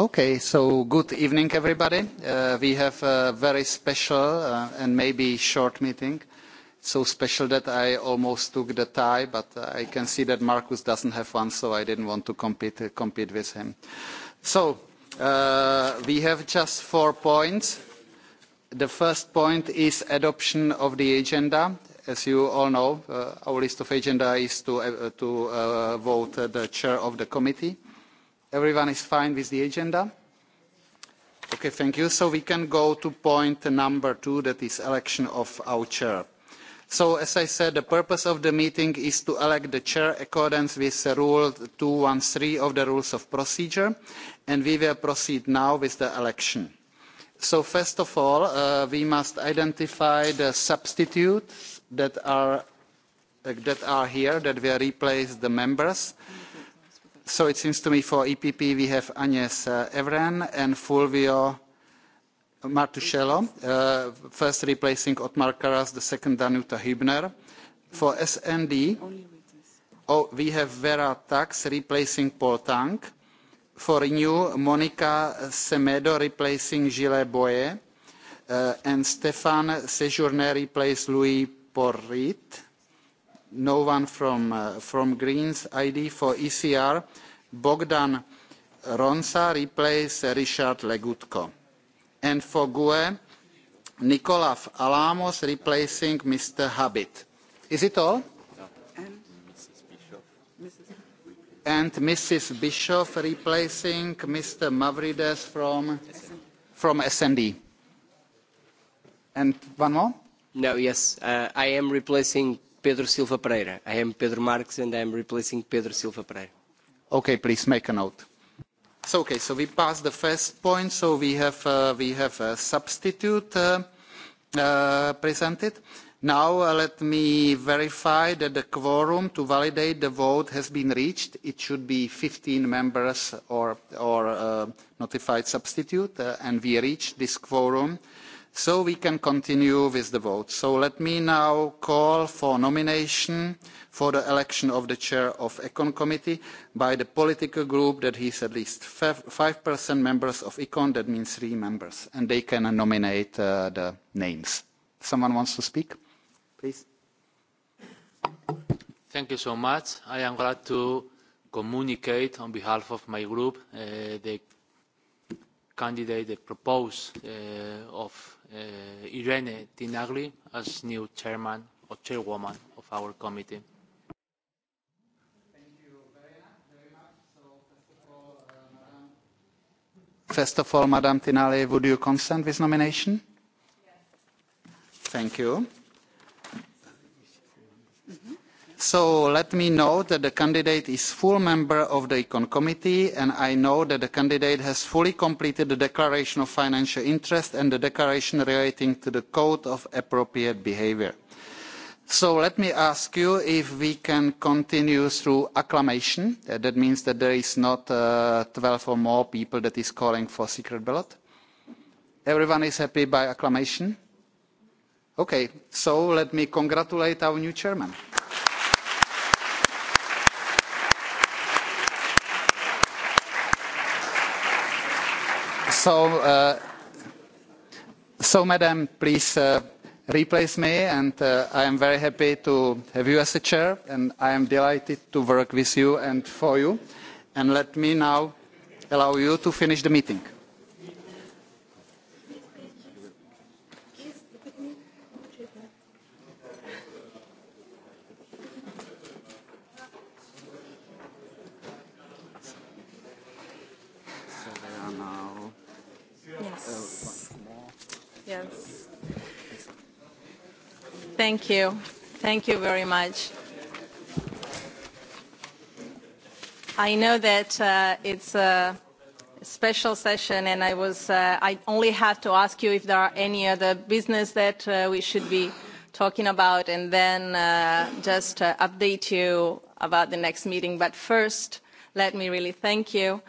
Okay, so good evening, everybody. Uh, we have a very special uh, and maybe short meeting. So special that I almost took the tie, but uh, I can see that Markus doesn't have one, so I didn't want to compete, compete with him. So we have just four points. The first point is adoption of the agenda. As you all know, our list of agenda is to, to vote the chair of the committee. Everyone is fine with the agenda? Okay, thank you. So we can go to point number two, that is election of our chair. So as I said, the purpose of the meeting is to elect the chair accordance with Rule 213 of the Rules of Procedure, and we will proceed now with the election. So first of all, uh, we must identify the substitutes that are, uh, that are here, that will replace the members. Mm -hmm So it seems to me for EPP we have Agnes uh, Evren and Fulvio Martuscello, uh, first replacing Otmar Karas, the second Danuta Hübner. For SND, oh, we have Vera Tax replacing Paul Tang. For Renew, Monica Semedo replacing Gilles Boye. Uh, and Stefan Sejourné replaces Louis Porrit no one from, uh, from Greens ID for ECR. Bogdan Ronsa replace Richard Legutko. And for GUE, Nikolav Alamos replacing Mr. Habit. Is it all? And Mrs. Bischoff, replacing Mr. Mavrides from from SND. And one more? No, yes, uh, I am replacing Pedro Silva Pereira. I am Pedro Marques and I am replacing Pedro Silva Pereira. Okay, please make a note. So, okay, so we passed the first point. So we have uh, we have a substitute uh, uh, presented. Now uh, let me verify that the quorum to validate the vote has been reached. It should be 15 members or or uh, notified substitute, uh, and we reached this quorum so we can continue with the vote. so let me now call for nomination for the election of the chair of the econ committee by the political group that has at least five members of econ that means three members and they can nominate uh, the names. someone wants to speak? please. thank you so much. i am glad to communicate on behalf of my group uh, the candidate, the propose uh, of uh, Irene Tinagli as new chairman or chairwoman of our committee. First of all, Madam Tinali, would you consent with nomination? Yes. Thank you. So let me note that the candidate is full member of the Econ Committee and I know that the candidate has fully completed the declaration of financial interest and the declaration relating to the code of appropriate behaviour. So let me ask you if we can continue through acclamation. Uh, that means that there is not uh, twelve 12 or more people that is calling for secret ballot. Everyone is happy by acclamation? Okay, so let me congratulate our new chairman. So, uh, so madam, please uh, replace me, and uh, I am very happy to have you as the chair, and I am delighted to work with you and for you. And let me now allow you to finish the meeting. Yes. Thank you. Thank you very much. I know that uh, it's a special session and I was uh, I only have to ask you if there are any other business that uh, we should be talking about and then uh, just uh, update you about the next meeting. But first, let me really thank you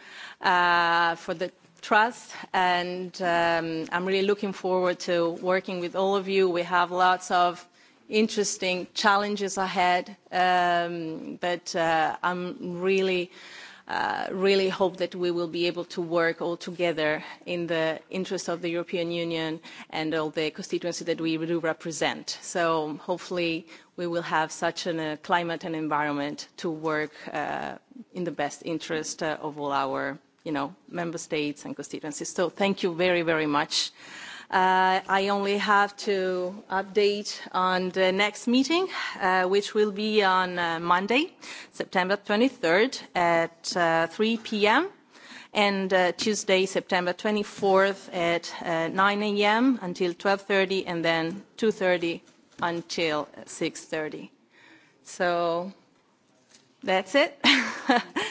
uh, for the trust and um, I'm really looking forward to working with all of you. We have lots of interesting challenges ahead, um, but uh, I'm really, uh, really hope that we will be able to work all together in the interest of the European Union and all the constituency that we do represent. So hopefully we will have such a uh, climate and environment to work uh, in the best interest uh, of all our you know, member states and constituencies. So thank you very, very much. Uh, I only have to update on the next meeting, uh, which will be on uh, Monday, September 23rd at uh, 3 p.m. and uh, Tuesday, September 24th at uh, 9 a.m. until 12.30 and then 2.30 until 6.30. So that's it.